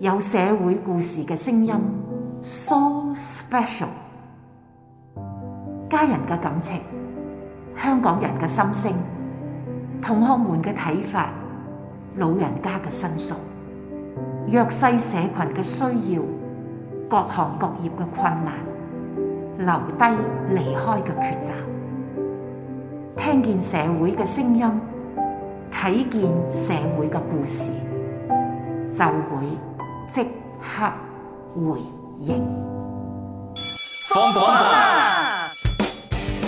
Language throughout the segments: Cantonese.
有社會故事嘅聲音，so special。家人嘅感情，香港人嘅心聲，同學們嘅睇法，老人家嘅申訴，弱勢社群嘅需要，各行各業嘅困難，即刻回應！放榜啦！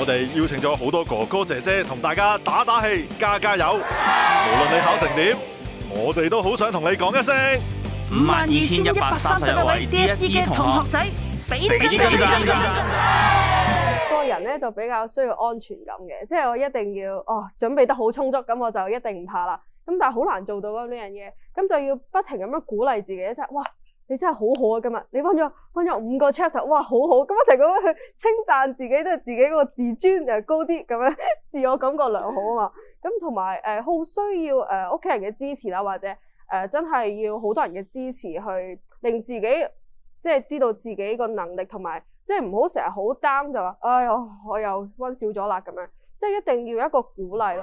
我哋邀請咗好多哥哥姐姐同大家打打氣，加加油！無論你考成點，我哋都好想同你講一聲五萬二千一百三十位 DSE 嘅同學仔，俾真心真心真心！個人咧就比較需要安全感嘅，即係我一定要哦，準備得好充足，咁我就一定唔怕啦。咁但係好難做到嗰兩樣嘢，咁就要不停咁樣鼓勵自己，即係，哇，你真係好好啊今日，你溫咗溫咗五個 chapter，哇，好好，咁不停咁樣稱讚自己，都係自己個自尊又高啲，咁樣自我感覺良好啊嘛。咁同埋誒，好需要誒屋企人嘅支持啊，或者誒真係要好多人嘅支持去令自己即係知道自己個能力，同埋即係唔好成日好 down 就話，哎呀，我又溫少咗啦咁樣，即係一定要一個鼓勵。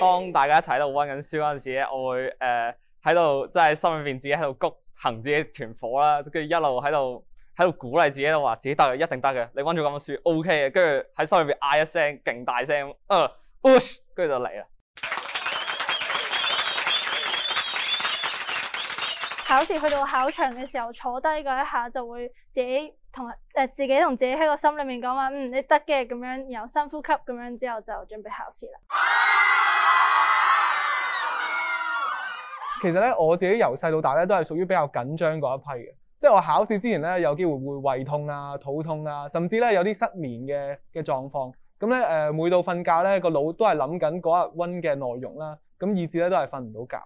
當大家一齊喺度温緊書嗰陣時咧，我會誒喺度，即、呃、係、就是、心裏面自己喺度谷行自己團火啦，跟住一路喺度喺度鼓勵自己，都話自己得嘅，一定得嘅。你温住咁多書，O K 嘅，跟住喺心裏面嗌一聲勁大聲咁，跟、呃、住就嚟啦。考試去到考場嘅時候，坐低嗰一,一下就會自己同誒、呃、自己同自己喺個心裏面講話，嗯，你得嘅咁樣，然後深呼吸咁樣之後就準備考試啦。其實咧，我自己由細到大咧都係屬於比較緊張嗰一批嘅，即係我考試之前咧有機會會胃痛啊、肚痛啊，甚至咧有啲失眠嘅嘅狀況。咁咧誒，每到瞓覺咧個腦都係諗緊嗰日温嘅內容啦，咁以至咧都係瞓唔到覺。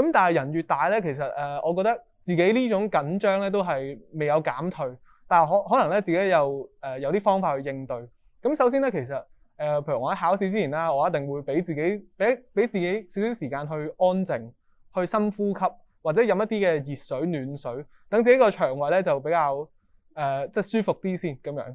咁、嗯、但係人越大咧，其實誒、呃，我覺得自己呢種緊張咧都係未有減退，但係可可能咧自己又誒、呃、有啲方法去應對。咁、嗯、首先咧，其實誒、呃，譬如我喺考試之前啦，我一定會俾自己俾俾自己少少少時間去安靜。去深呼吸，或者飲一啲嘅熱水、暖水，等自己個腸胃咧就比較誒、呃、即係舒服啲先咁樣。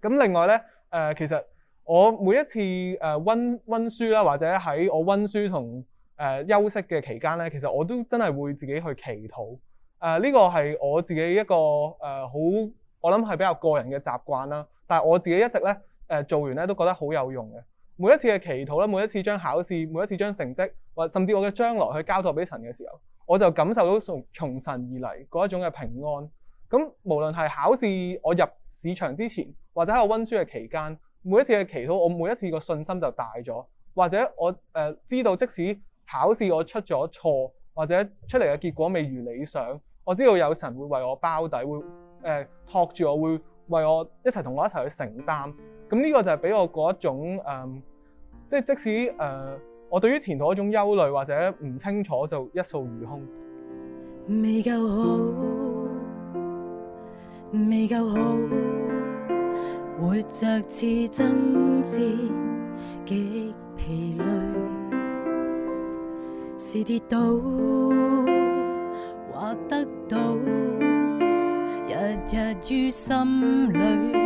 咁另外咧誒、呃，其實我每一次誒温温書啦，或者喺我温書同誒、呃、休息嘅期間咧，其實我都真係會自己去祈禱。誒、呃、呢、呢個係我自己一個誒好、呃，我諗係比較個人嘅習慣啦。但係我自己一直咧誒、呃、做完咧都覺得好有用嘅。每一次嘅祈禱咧，每一次將考試，每一次將成績，或甚至我嘅將來去交託俾神嘅時候，我就感受到從從神而嚟嗰一種嘅平安。咁無論係考試，我入試場之前，或者喺我温書嘅期間，每一次嘅祈禱，我每一次個信心就大咗。或者我誒知道，即使考試我出咗錯，或者出嚟嘅結果未如理想，我知道有神會為我包底，會誒託住我，會為我一齊同我一齊去承擔。咁呢個就係俾我嗰一種、呃、即即使、呃、我對於前途一種憂慮或者唔清楚，就一掃而空。未夠好，未夠好，活着似爭戰，極疲累，是跌倒或得到，日日於心裏。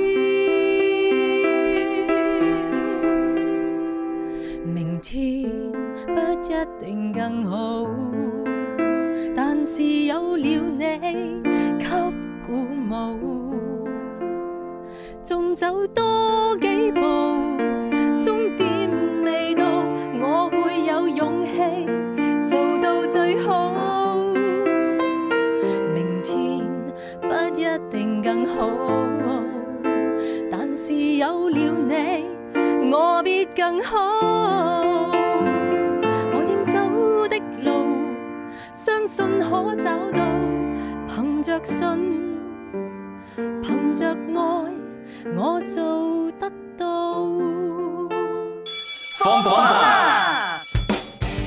一定更好，但是有了你，給鼓舞，仲走多幾步。方唔方？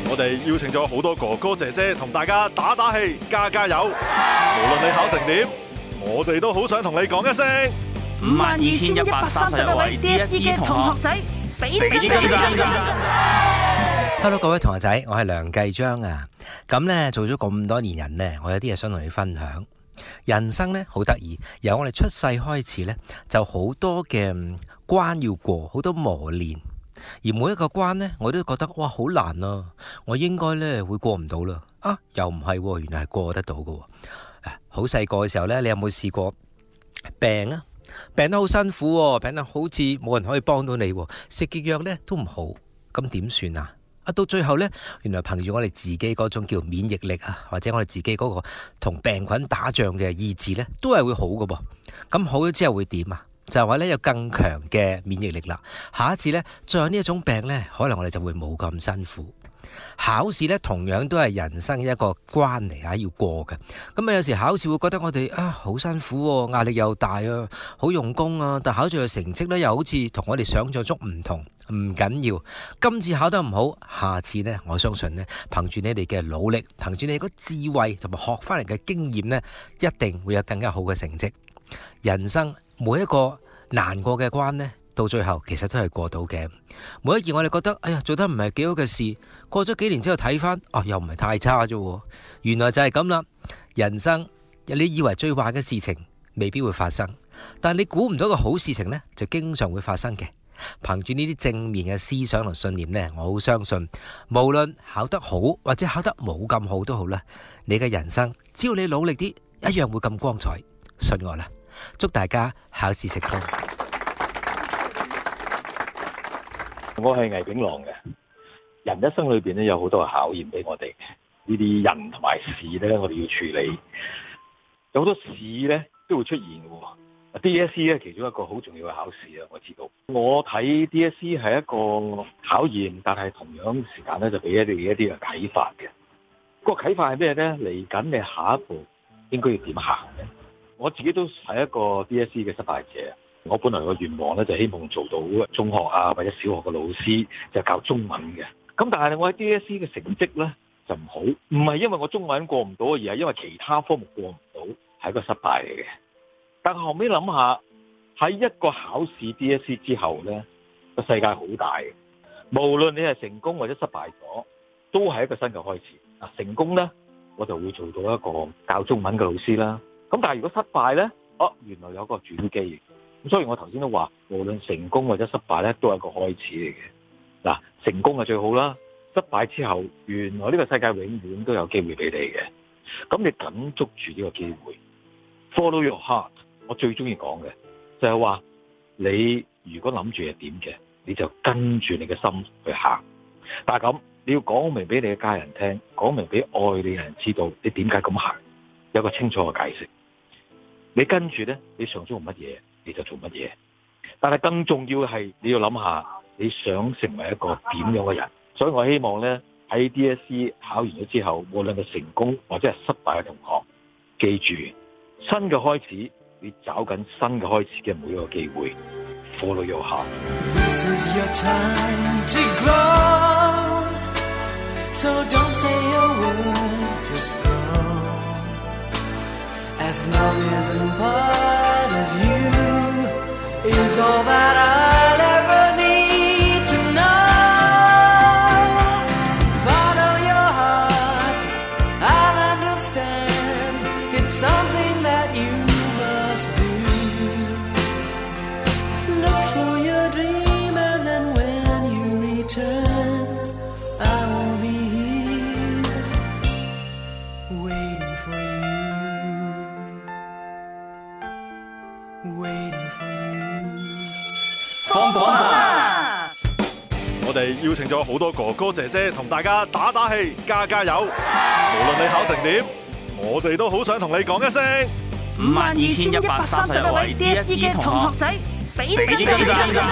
我哋邀請咗好多哥哥姐姐同大家打打氣，加加油！無論你考成點，我哋都好想同你講一聲：五萬二千一百三十位 DSE 嘅同學仔，俾張 Hello 各位同學仔，我係梁繼章啊！咁呢，做咗咁多年人呢，我有啲嘢想同你分享。人生咧，好得意，由我哋出世開始咧，就好多嘅關要過，好多磨練。而每一個關咧，我都覺得哇好難咯，啊，我應該咧會過唔到啦。啊，又唔係喎，原來係過得到噶。好細個嘅時候咧，你有冇試過病啊？病得好辛苦喎，病得好似冇人可以幫到你喎，食嘅藥咧都唔好，咁點算啊？啊，到最後呢，原來憑住我哋自己嗰種叫免疫力啊，或者我哋自己嗰個同病菌打仗嘅意志呢，都係會好嘅噃。咁好咗之後會點啊？就係話呢，有更強嘅免疫力啦。下一次呢，再有呢一種病呢，可能我哋就會冇咁辛苦。考試咧，同樣都係人生一個關嚟啊，要過嘅。咁、嗯、啊，有時考試會覺得我哋啊好辛苦，啊，壓力又大啊，好用功啊。但考咗嘅成績咧，又好似同我哋想象中唔同。唔緊要，今次考得唔好，下次呢，我相信呢，憑住你哋嘅努力，憑住你個智慧同埋學翻嚟嘅經驗呢，一定會有更加好嘅成績。人生每一個難過嘅關呢，到最後其實都係過到嘅。每一件我哋覺得哎呀做得唔係幾好嘅事。過咗幾年之後睇翻，哦、啊，又唔係太差啫，原來就係咁啦。人生，你以為最壞嘅事情未必會發生，但你估唔到個好事情呢，就經常會發生嘅。憑住呢啲正面嘅思想同信念呢，我好相信，無論考得好或者考得冇咁好都好啦，你嘅人生只要你努力啲，一樣會咁光彩。信我啦，祝大家考試成功。我係魏景郎嘅。人一生裏邊咧有好多嘅考驗俾我哋，呢啲人同埋事咧，我哋要處理，有好多事咧都會出現嘅喎。DSE 咧其中一個好重要嘅考試啊，我知道。我睇 DSE 係一個考驗，但係同樣時間咧就俾一啲一啲嘅啟發嘅。個啟發係咩咧？嚟緊你下一步應該要點行咧？我自己都係一個 DSE 嘅失敗者。我本來個願望咧就希望做到中學啊或者小學嘅老師，就教中文嘅。咁但係我喺 DSE 嘅成績呢，就唔好，唔係因為我中文過唔到，而係因為其他科目過唔到，係一個失敗嚟嘅。但係後尾諗下喺一個考試 DSE 之後呢，個世界好大嘅，無論你係成功或者失敗咗，都係一個新嘅開始。嗱，成功呢，我就會做到一個教中文嘅老師啦。咁但係如果失敗呢，哦，原來有個轉機。咁所以我頭先都話，無論成功或者失敗呢，都係一個開始嚟嘅嗱。成功係最好啦，失敗之後，原來呢個世界永遠都有機會俾你嘅。咁你緊捉住呢個機會，follow your heart。我最中意講嘅就係話，你如果諗住係點嘅，你就跟住你嘅心去行。但係咁，你要講明俾你嘅家人聽，講明俾愛你嘅人知道你點解咁行，有個清楚嘅解釋。你跟住呢，你想做乜嘢你就做乜嘢。但係更重要嘅係，你要諗下。你想成為一個點樣嘅人？所以我希望咧喺 DSE 考完咗之後，無論係成功或者係失敗嘅同學，記住新嘅開始，你找緊新嘅開始嘅每一個機會，follow your heart。請咗好多哥哥姐姐同大家打打氣，加加油。無論你考成點，我哋都好想同你講一聲。五萬二千一百三十一位 DSE 嘅同學仔，比真真真真真真。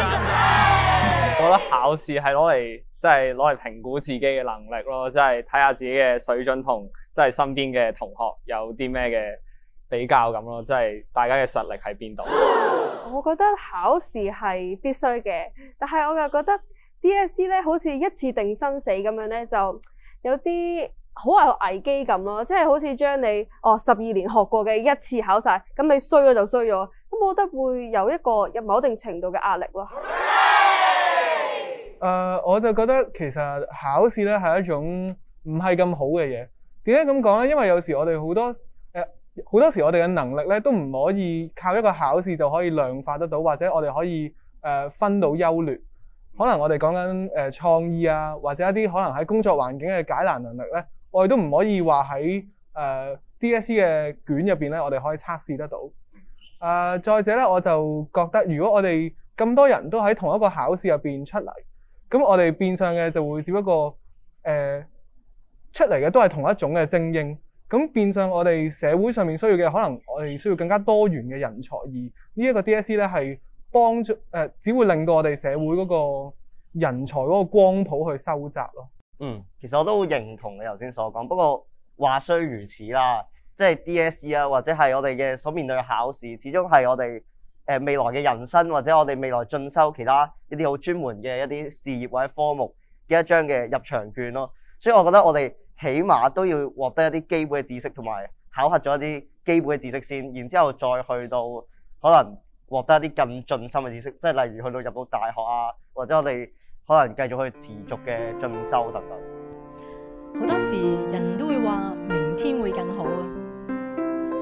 我覺得考試係攞嚟，即係攞嚟評估自己嘅能力咯，即係睇下自己嘅水準同即係身邊嘅同學有啲咩嘅比較咁咯，即係大家嘅實力喺邊度？我覺得考試係必須嘅，但係我又覺得。D.S.C 咧，好似一次定生死咁樣咧，就有啲好有危機感咯，即係好似將你哦十二年學過嘅一次考晒。咁你衰咗就衰咗，咁我覺得會有一個某一定程度嘅壓力咯。誒，Yeah! uh, 我就覺得其實考試咧，係一種唔係咁好嘅嘢。點解咁講咧？因為有時我哋好多誒，好、呃、多時我哋嘅能力咧都唔可以靠一個考試就可以量化得到，或者我哋可以誒、呃、分到優劣。可能我哋講緊誒創意啊，或者一啲可能喺工作環境嘅解難能力咧，我哋都唔可以話喺誒 DSE 嘅卷入面咧，我哋可以測試得到。誒、呃、再者咧，我就覺得如果我哋咁多人都喺同一個考試入面出嚟，咁我哋變相嘅就會只不過誒出嚟嘅都係同一種嘅精英，咁變相我哋社會上面需要嘅可能我哋需要更加多元嘅人才而，而、這個、呢一個 DSE 咧係。幫助誒、呃，只會令到我哋社會嗰個人才嗰個光譜去收窄咯。嗯，其實我都好認同你頭先所講。不過話雖如此啦，即係 DSE 啊，或者係我哋嘅所面對嘅考試，始終係我哋誒未來嘅人生或者我哋未來進修其他一啲好專門嘅一啲事業或者科目嘅一張嘅入場券咯。所以我覺得我哋起碼都要獲得一啲基本嘅知識，同埋考核咗一啲基本嘅知識先，然之後再去到可能。獲得一啲更進深嘅知識，即係例如去到入到大學啊，或者我哋可能繼續去持續嘅進修等等。好多時人都會話明天會更好啊，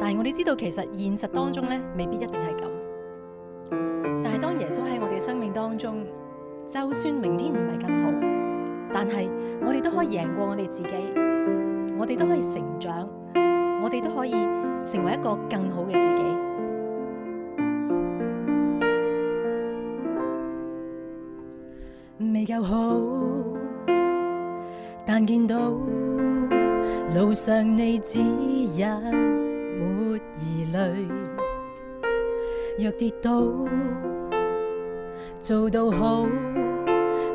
但係我哋知道其實現實當中咧未必一定係咁。但係當耶穌喺我哋嘅生命當中，就算明天唔係更好，但係我哋都可以贏過我哋自己，我哋都可以成長，我哋都可以成為一個更好嘅自己。有好，但見到路上你指引，沒疑慮。若跌倒，做到好，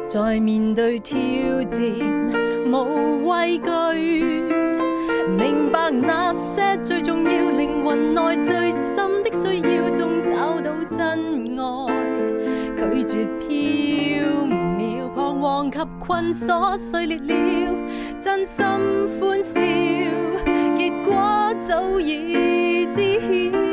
再面對挑戰無畏懼。明白那些最重要，靈魂內最深的需要，終找到真愛，拒絕。困鎖碎裂了，真心歡笑，結果早已知曉。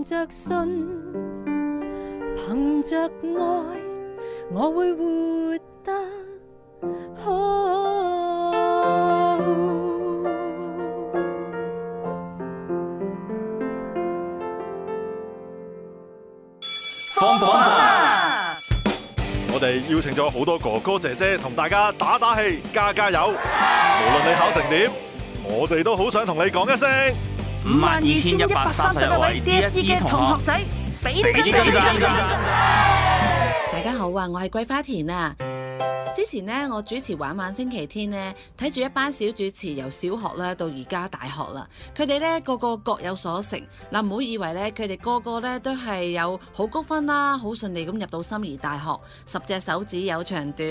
憑着信，憑着愛，我會活得好。放榜啦！我哋邀請咗好多哥哥姐姐同大家打打氣，加加油。無論你考成點，我哋都好想同你講一聲。五萬二千一百三十八位 DSE 嘅同學仔，大家好啊，我係桂花田啊。之前呢，我主持玩玩星期天呢，睇住一班小主持由小學呢到而家大學啦。佢哋呢個個各有所成。嗱，唔好以為呢，佢哋個個呢都係有好高分啦，好順利咁入到心儀大學。十隻手指有長短，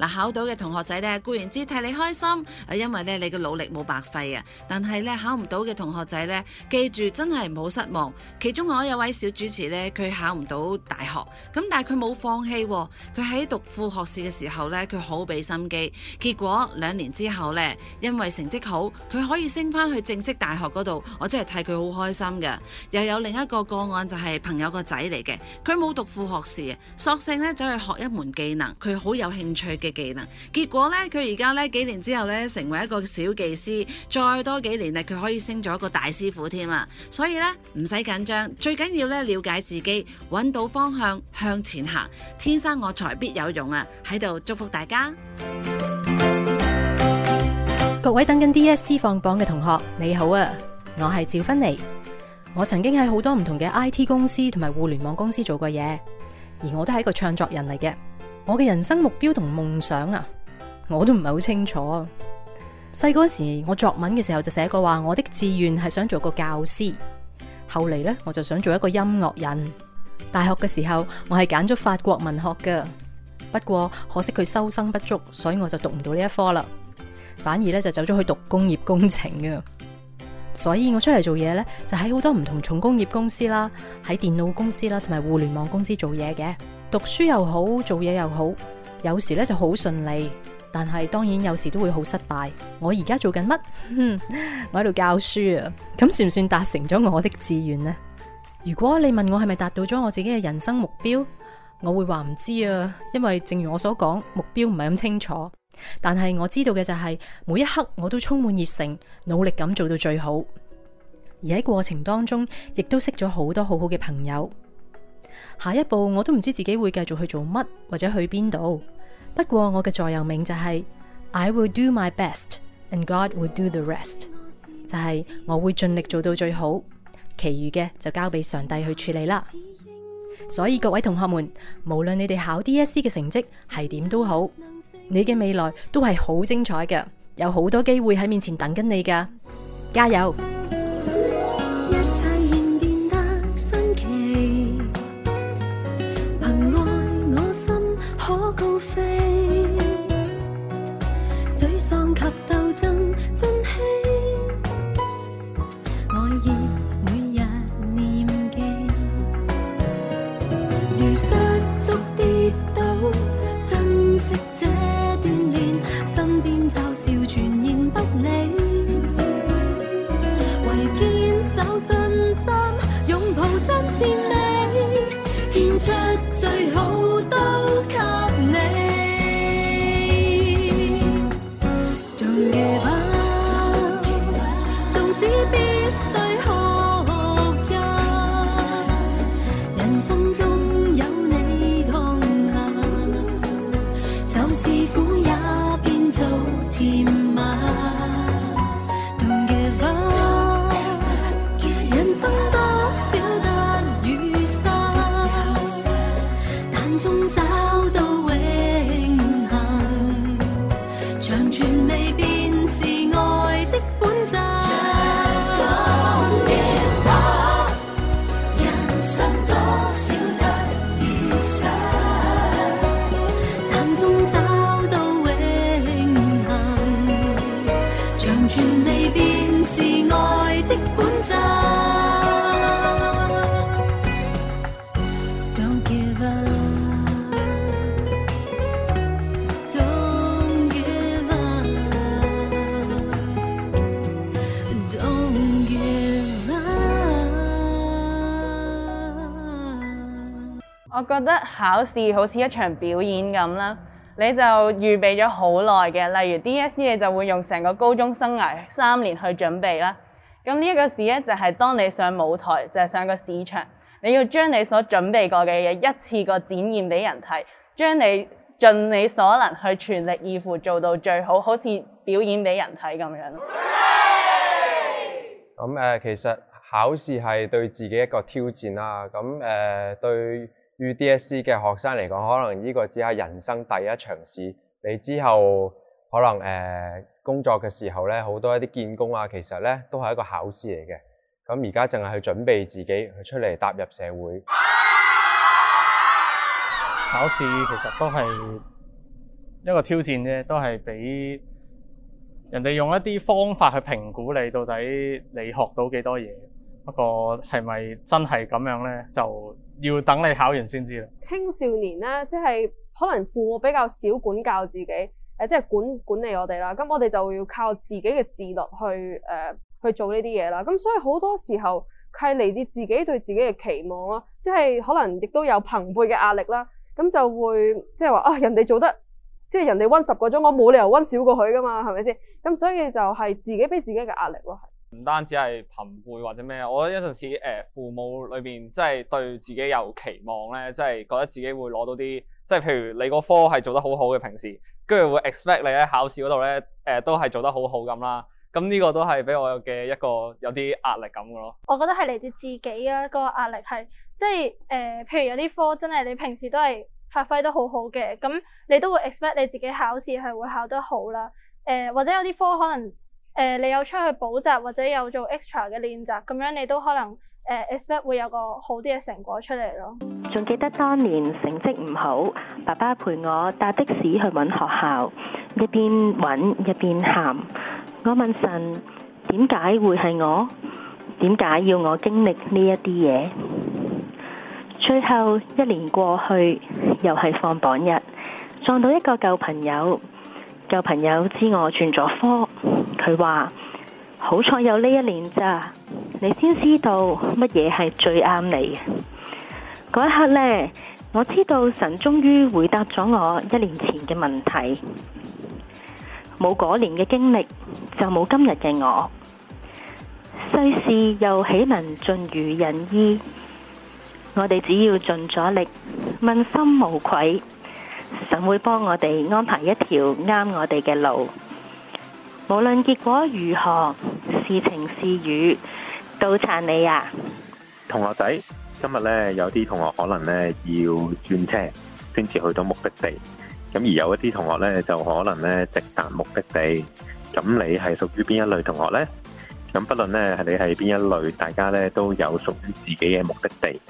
嗱，考到嘅同學仔呢固然之替你開心，啊，因為呢，你嘅努力冇白費啊。但係呢，考唔到嘅同學仔呢，記住真係唔好失望。其中我有位小主持呢，佢考唔到大學，咁但係佢冇放棄，佢喺讀副學士嘅時候呢。佢好俾心機，結果兩年之後呢，因為成績好，佢可以升翻去正式大學嗰度。我真係替佢好開心嘅。又有另一個個案就係、是、朋友個仔嚟嘅，佢冇讀副學士，索性呢走去、就是、學一門技能，佢好有興趣嘅技能。結果呢，佢而家呢幾年之後呢，成為一個小技師，再多幾年呢，佢可以升咗一個大師傅添啊。所以呢，唔使緊張，最緊要呢，了解自己，揾到方向向前行。天生我材必有用啊！喺度祝福大家。大家，各位等緊 D S C 放榜嘅同學，你好啊！我係趙芬妮，我曾經喺好多唔同嘅 I T 公司同埋互聯網公司做過嘢，而我都係一個唱作人嚟嘅。我嘅人生目標同夢想啊，我都唔係好清楚。細嗰時我作文嘅時候就寫過話，我的志願係想做個教師。後嚟呢，我就想做一個音樂人。大學嘅時候，我係揀咗法國文學噶。不過可惜佢收生不足，所以我就讀唔到呢一科啦。反而咧，就走咗去讀工業工程嘅。 所以我出嚟做嘢咧，就喺好多唔同重工業公司啦，喺電腦公司啦，同埋互聯網公司做嘢嘅。讀書又好，做嘢又好，有時咧就好順利，但係當然有時都會好失敗。我而家做緊乜？ 我喺度教書啊！咁算唔算達成咗我的志願呢？如果你問我係咪達到咗我自己嘅人生目標？我會話唔知啊，因為正如我所講，目標唔係咁清楚。但係我知道嘅就係每一刻我都充滿熱誠，努力咁做到最好。而喺過程當中，亦都識咗好多好好嘅朋友。下一步我都唔知自己會繼續去做乜或者去邊度。不過我嘅座右銘就係 I will do my best and God will do the rest，就係我會盡力做到最好，其餘嘅就交俾上帝去處理啦。所以各位同學們，無論你哋考 DSE 嘅成績係點都好，你嘅未來都係好精彩嘅，有好多機會喺面前等緊你噶，加油！擁抱真善美。覺得考試好似一場表演咁啦，你就預備咗好耐嘅，例如 DSE 你就會用成個高中生涯三年去準備啦。咁呢一個事咧，就係當你上舞台就係、是、上個市場，你要將你所準備過嘅嘢一次過展現俾人睇，將你盡你所能去全力以赴做到最好，好似表演俾人睇咁樣。咁誒、嗯呃，其實考試係對自己一個挑戰啦。咁、嗯、誒、呃、對。於 DSE 嘅學生嚟講，可能呢個只係人生第一場試。你之後可能誒、呃、工作嘅時候咧，好多一啲見工啊，其實咧都係一個考試嚟嘅。咁而家淨係去準備自己去出嚟踏入社會，考試其實都係一個挑戰啫，都係俾人哋用一啲方法去評估你到底你學到幾多嘢。不過係咪真係咁樣咧？就要等你考完先知啦。青少年咧，即係可能父母比較少管教自己，誒，即係管管理我哋啦。咁我哋就要靠自己嘅自律去誒、呃、去做呢啲嘢啦。咁所以好多時候佢係嚟自自己對自己嘅期望咯，即係可能亦都有朋輩嘅壓力啦。咁就會即係話啊，人哋做得即係人哋溫十個鐘，我冇理由溫少過佢噶嘛，係咪先？咁所以就係自己俾自己嘅壓力咯。唔單止係朋輩或者咩，我有陣時誒，父母裏邊即係對自己有期望咧，即係覺得自己會攞到啲，即係譬如你嗰科係做得好好嘅平時，跟住會 expect 你喺考試嗰度咧，誒、呃、都係做得好好咁啦。咁呢個都係俾我嘅一個有啲壓力咁嘅咯。我覺得係嚟自自己啊，個壓力係即係誒、呃，譬如有啲科真係你平時都係發揮得好好嘅，咁你都會 expect 你自己考試係會考得好啦。誒、呃，或者有啲科可能。誒、呃，你有出去補習或者有做 extra 嘅練習，咁樣你都可能誒 expect、呃、會有個好啲嘅成果出嚟咯。仲記得當年成績唔好，爸爸陪我搭的士去搵學校，一邊搵一邊喊，我問神點解會係我，點解要我經歷呢一啲嘢？最後一年過去，又係放榜日，撞到一個舊朋友。舊朋友知我轉咗科，佢話好彩有呢一年咋，你先知道乜嘢係最啱你。嗰一刻呢，我知道神終於回答咗我一年前嘅問題。冇嗰年嘅經歷，就冇今日嘅我。世事又豈能盡如人意？我哋只要盡咗力，問心無愧。神會幫我哋安排一條啱我哋嘅路，無論結果如何，是晴是雨，到撐你啊！同學仔，今日咧，有啲同學可能咧要轉車先至去到目的地，咁而有一啲同學咧就可能咧直達目的地。咁你係屬於邊一類同學呢？咁不論咧係你係邊一類，大家咧都有屬於自己嘅目的地，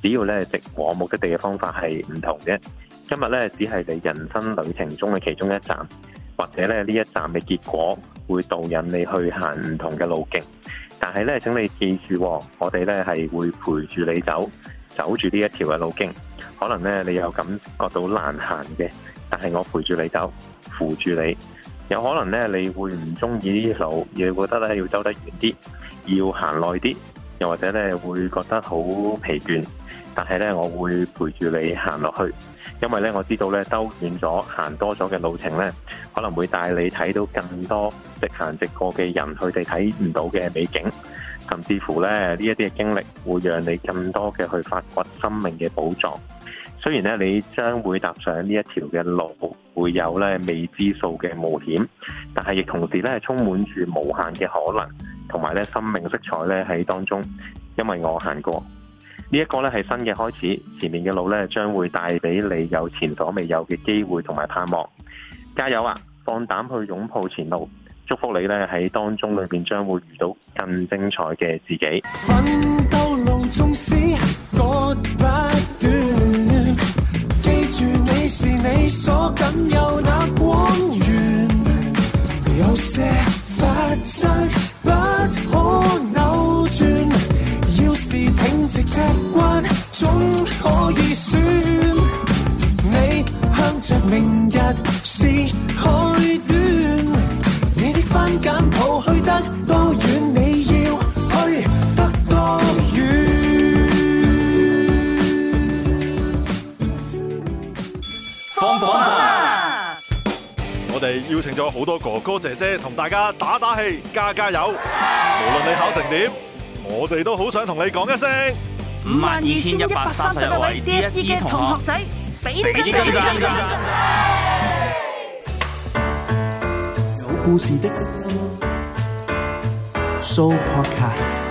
只要咧直往目的地嘅方法係唔同嘅。今日咧，只係你人生旅程中嘅其中一站，或者咧呢一站嘅結果會導引你去行唔同嘅路徑。但係咧，請你記住，哦，我哋咧係會陪住你走，走住呢一條嘅路徑。可能咧你有感覺到難行嘅，但係我陪住你走，扶住你。有可能咧，你會唔中意呢啲路，而覺得咧要走得遠啲，要行耐啲，又或者咧會覺得好疲倦。但係咧，我會陪住你行落去。因為咧，我知道咧，兜遠咗行多咗嘅路程咧，可能會帶你睇到更多直行直過嘅人佢哋睇唔到嘅美景，甚至乎咧呢一啲嘅經歷會讓你更多嘅去發掘生命嘅寶藏。雖然咧你將會踏上呢一條嘅路，會有咧未知數嘅冒險，但係亦同時咧係充滿住無限嘅可能，同埋咧生命色彩咧喺當中。因為我行過。呢一個咧係新嘅開始，前面嘅路咧將會帶俾你有前所未有嘅機會同埋盼望，加油啊！放膽去擁抱前路，祝福你咧喺當中裏邊將會遇到更精彩嘅自己。奮鬥路縱使割不斷，記住你是你所僅有那光源，有些法則不可。 直脊骨總可以選，你向着明日是開端。你的番簡抱去得多遠，你要去得多遠。放榜啦！我哋邀請咗好多哥哥姐姐同大家打打氣、加加油。無論你考成點。我哋都好想同你講一聲，五萬二千一百三十位 DSE 嘅同學仔，俾張，俾張，俾張，俾張。